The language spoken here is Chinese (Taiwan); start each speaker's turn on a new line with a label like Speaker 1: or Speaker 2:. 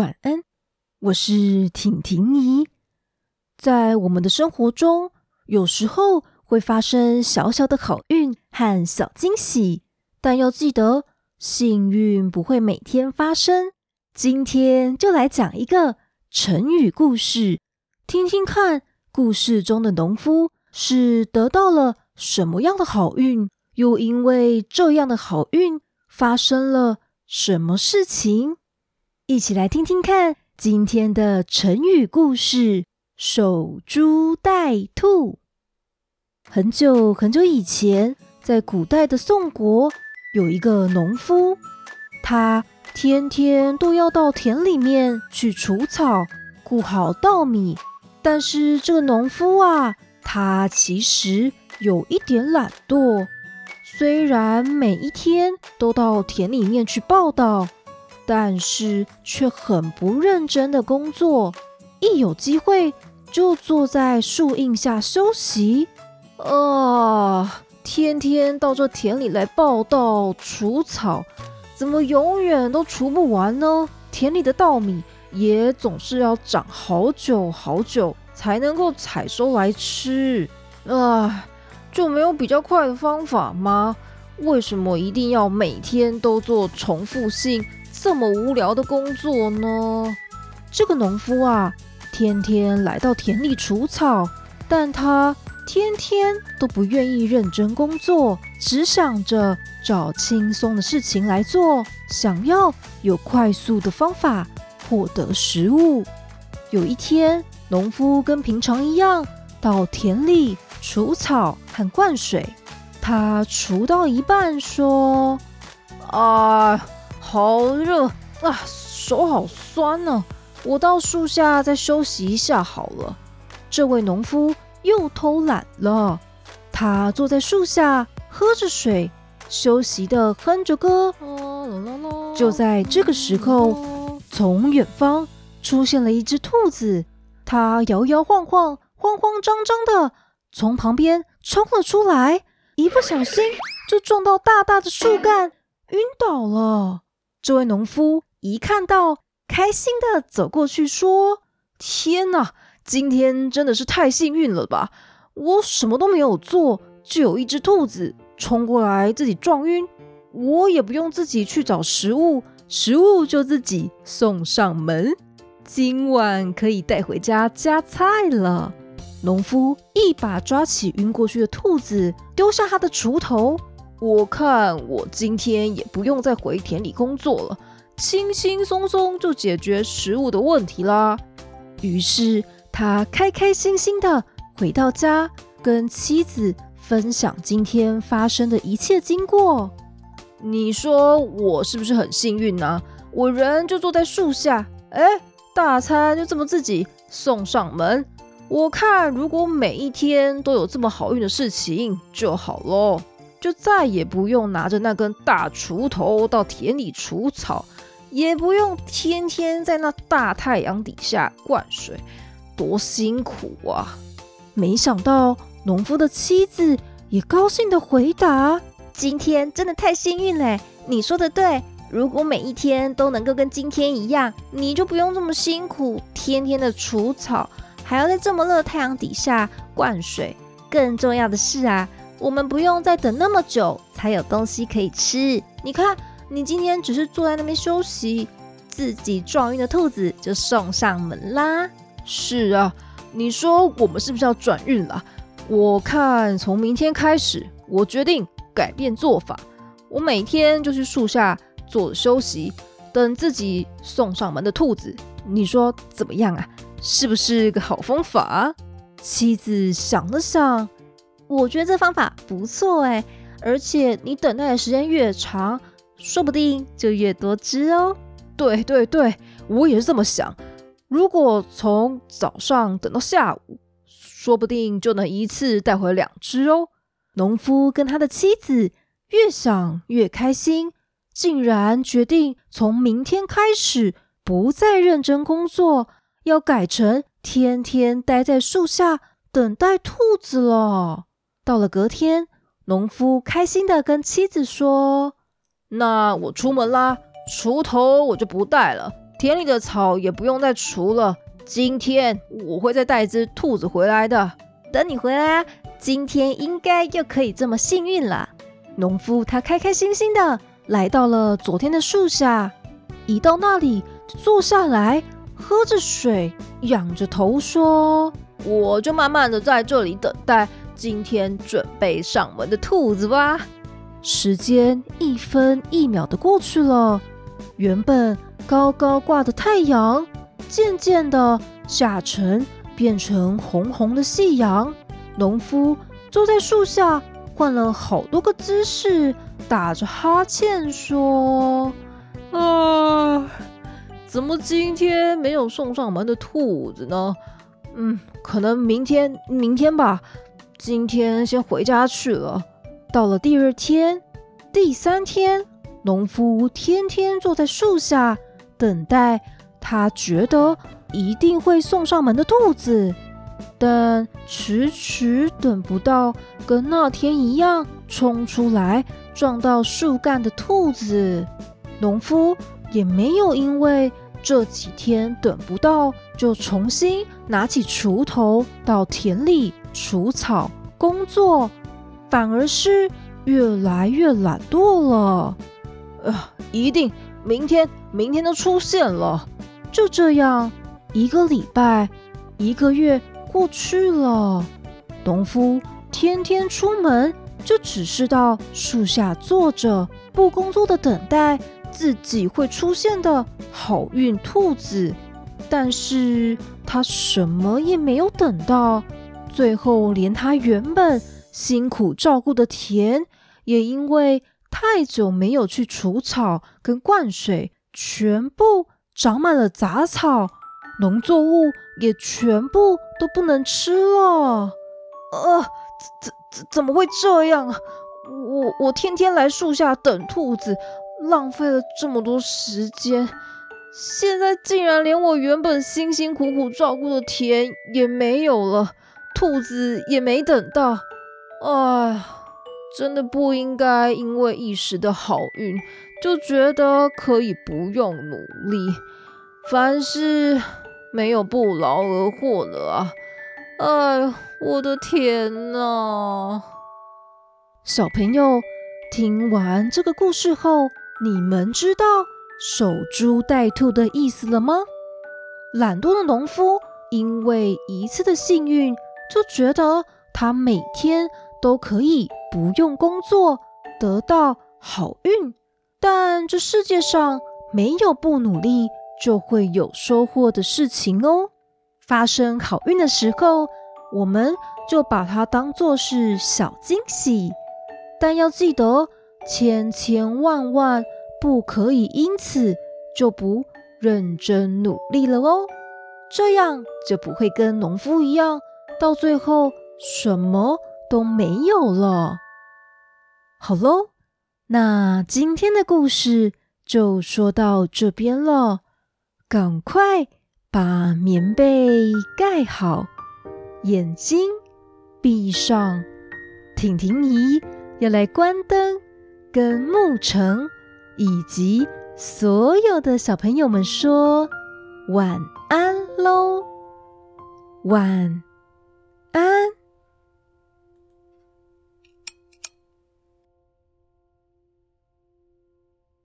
Speaker 1: 晚安，我是婷婷姨。在我們的生活中，有時候會發生小小的好運和小驚喜，但要記得，幸運不會每天發生。今天就來講一個成語故事，聽聽看，故事中的農夫是得到了什麼樣的好運，又因為這樣的好運發生了什麼事情？一起來聽聽看今天的成語故事《守株待兔》。很久很久以前，在古代的宋國，有一個農夫，他天天都要到田裡面去除草、顧好稻米。但是這個農夫啊，他其實有一點懶惰，雖然每一天都到田裡面去報到。但是卻很不認真的工作，一有機會就坐在樹蔭下休息啊！Uh, 天天到這田裡來報到、除草，怎麼永遠都除不完呢？田裡的稻米也總是要長好久好久才能夠採收來吃啊！Uh, 就沒有比較快的方法嗎？為什麼一定要每天都做重複性，這麼無聊的工作呢？這個農夫啊，天天來到田裡除草，但他天天都不願意認真工作，只想着找輕鬆的事情來做，想要有快速的方法獲得食物。有一天，農夫跟平常一樣到田裡除草和灌水，他除到一半說：“啊、呃！”好熱啊，手好酸呢、啊。我到樹下再休息一下好了。這位農夫又偷懶了，他坐在樹下喝着水，休息的哼着歌，哦哦哦哦。就在這個時候，哦，從遠方出現了一隻兔子，它搖搖晃晃，晃，慌慌張張的從旁邊衝了出來，一不小心就撞到大大的樹幹，呃、暈倒了。這位農夫一看到，開心的走過去說：“天哪，今天真的是太幸運了吧！我什麼都沒有做，就有一隻兔子衝過來自己撞暈，我也不用自己去找食物，食物就自己送上門。今晚可以帶回家加菜了。”農夫一把抓起暈過去的兔子，丟下他的鋤頭。我看我今天也不用再回田裡工作了，輕輕鬆鬆就解決食物的問題啦。於是他開開心心地回到家，跟妻子分享今天發生的一切經過。你說我是不是很幸運呢？啊？我人就坐在樹下，哎，大餐就這麼自己送上門。我看如果每一天都有這麼好運的事情就好了。就再也不用拿着那根大鋤頭到田裡除草，也不用天天在那大太陽底下灌水，多辛苦啊！沒想到農夫的妻子也高興地回答：“今天真的太幸運了。你說得對，如果每一天都能夠跟今天一樣，你就不用這麼辛苦，天天的除草，還要在這麼熱的太陽底下灌水。更重要的是啊！”我們不用再等那麼久才有東西可以吃。你看，你今天只是坐在那邊休息，自己撞暈的兔子就送上門啦。是啊，你說我們是不是要轉運了？我看從明天開始，我決定改變做法，我每天就去樹下坐着休息，等自己送上門的兔子。你說怎麼樣啊？是不是個好方法？妻子想了想。我覺得這方法不錯哎，而且你等待的時間越長，說不定就越多只哦。對對對，我也是這麼想。如果從早上等到下午，說不定就能一次帶回兩只哦。農夫跟他的妻子越想越開心，竟然決定從明天開始不再認真工作，要改成天天待在樹下等待兔子了。到了隔天，農夫開心地跟妻子說：“那我出門啦，鋤頭我就不帶了，田裡的草也不用再除了。今天我會再帶隻兔子回來的。等你回來啊，今天應該又可以這麼幸運了。”農夫他開開心心地來到了昨天的樹下，一到那裡坐下來，喝着水，仰着頭說：“我就慢慢地在這裡等待。”今天準備上門的兔子吧？時間一分一秒的過去了，原本高高掛的太陽，漸漸的下沉，變成紅紅的夕陽。農夫坐在樹下，換了好多個姿勢，打着哈欠說：“啊，怎麼今天沒有送上門的兔子呢？嗯，可能明天，明天吧。”今天先回家去了。到了第二天、第三天，農夫天天坐在樹下等待他覺得一定會送上門的兔子，但遲遲等不到跟那天一樣衝出來撞到樹幹的兔子。農夫也沒有因為這幾天等不到，就重新拿起鋤頭到田裡。除草工作，反而是越來越懶惰了。呃，一定明天，明天就出現了。就這樣，一個禮拜，一個月過去了，農夫天天出門，就只是到樹下坐着，不工作的等待自己會出現的好運兔子。但是他什麼也沒有等到。最後，連他原本辛苦照顧的田，也因為太久沒有去除草跟灌水，全部長滿了雜草，農作物也全部都不能吃了。呃，怎怎怎怎麼會這樣啊？我我天天來樹下等兔子，浪費了這麼多時間，現在竟然連我原本辛辛苦苦照顧的田也沒有了。兔子也沒等到，唉，真的不應該因為一時的好運就覺得可以不用努力。凡事沒有不勞而獲的啊！唉，我的天吶啊！小朋友，聽完這個故事後，你們知道守株待兔的意思了嗎？懶惰的農夫因為一次的幸運，就覺得他每天都可以不用工作得到好運，但這世界上沒有不努力就會有收穫的事情哦。發生好運的時候，我們就把它當做是小驚喜，但要記得千千萬萬不可以因此就不認真努力了哦，這樣就不會跟農夫一樣，到最後什麼都沒有了。好嘍，那今天的故事就說到這邊了。趕快把棉被蓋好，眼睛閉上。婷婷姨要來關燈，跟沐澄以及所有的小朋友們說晚安嘍。晚。